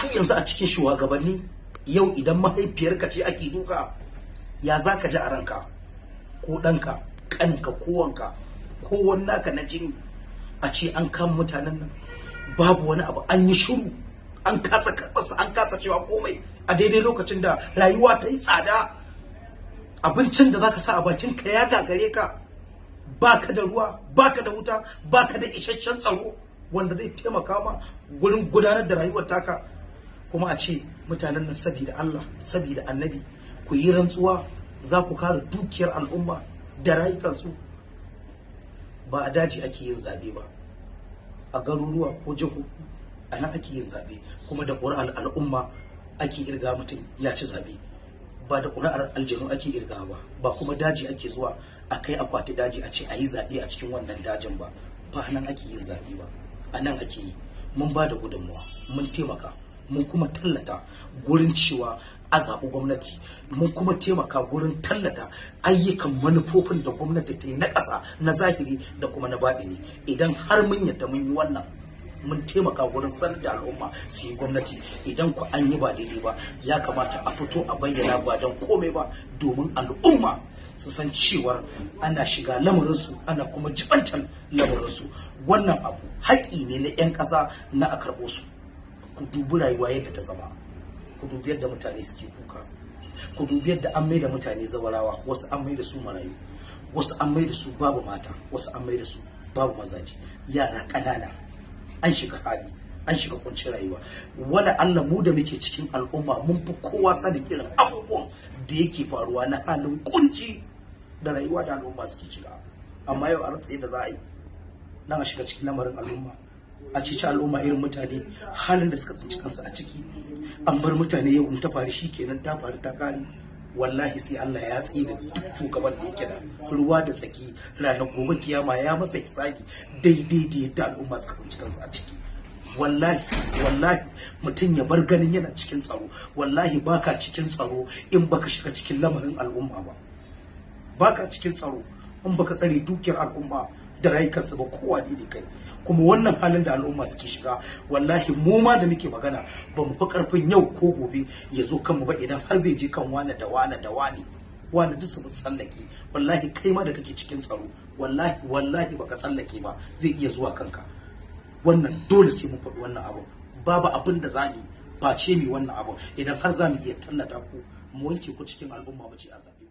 har yanzu a cikin shugabanni yau idan mahaifiyarka ce ake duka ya za ka ji a ranka ko ɗanka ƙanka kowanka wannan naka na jini a ce an kama mutanen nan babu wani abu an yi shuru, an kasa karɓarsa an kasa cewa komai a daidai lokacin da rayuwa ta yi tsada abincin da zaka sa a bakinka ya gagare ka baka da ruwa baka da wuta baka da isasshen tsaro wanda zai taimaka ma gurin gudanar da rayuwar taka kuma a ce mutanen nan saboda Allah saboda annabi ku yi rantsuwa za ku kare dukiyar al'umma da rayukansu ba a daji ake yin zaɓe ba a garuruwa ko jihohi a nan ake yin zaɓe kuma da ƙuri'ar al'umma ake irga mutum ya ci zaɓe ba da ƙuri'ar aljanu ake irga ba ba kuma daji ake zuwa a kai akwati daji a ce a yi zaɓe a cikin wannan dajin ba ba nan ake yin zaɓe ba a nan ake yi mun ba da gudunmuwa mun taimaka mun kuma tallata gurin cewa a zaɓi gwamnati mun kuma taimaka gurin tallata ayyukan manufofin da gwamnati ta yi na ƙasa na zahiri da kuma na baɗini idan har mun yadda mun yi wannan mun taimaka gurin sanar da al'umma su yi gwamnati idan ku an yi ba daidai ba ya kamata a fito a bayyana ba don komai ba domin al'umma su san cewar ana shiga lamarinsu ana kuma jibantar lamarinsu wannan abu haƙi ne na 'yan ƙasa na a karɓo su ku dubi rayuwa yadda ta zama ku dubi yadda mutane suke kuka ku dubi yadda an maida mutane zawarawa wasu an maida su marayu wasu an maida su babu mata wasu an maida su babu mazaji yara ƙanana an shiga hali an shiga kunci rayuwa wala Allah mu da muke cikin al'umma mun fi kowa sanin irin abubuwan da yake faruwa na halin kunci da rayuwa da al'umma suke shiga amma yau a ratsaye da za a yi nan a shiga cikin lamarin al'umma a cici al'umma irin mutane halin da suka tsinci kansu a ciki an bar mutane yau in ta faru shi kenan ta faru ta kare wallahi sai Allah ya tsira duk shugaban da yake da ruwa da tsaki ranar gobe kiyama ya masa hisabi daidai da yadda al'umma suka tsinci kansu a ciki wallahi wallahi mutum ya bar ganin yana cikin tsaro wallahi baka cikin tsaro in baka shiga cikin lamarin al'umma ba baka cikin tsaro in baka tsare dukiyar al'umma da rayukansu ba kowa ne kai kuma wannan halin da al'umma suke shiga wallahi mu ma da muke magana ba mu fi karfin yau ko gobe ya zo kanmu ba idan har zai je kan wani da wani da wane wani duk su tsallake wallahi kai ma da kake cikin tsaro wallahi wallahi baka tsallake ba zai iya zuwa kanka wannan dole sai mu faɗi wannan abu babu abin da za mu face mi wannan abu idan har za mu iya tallata ku mu wanke ku cikin al'umma mu ci azabi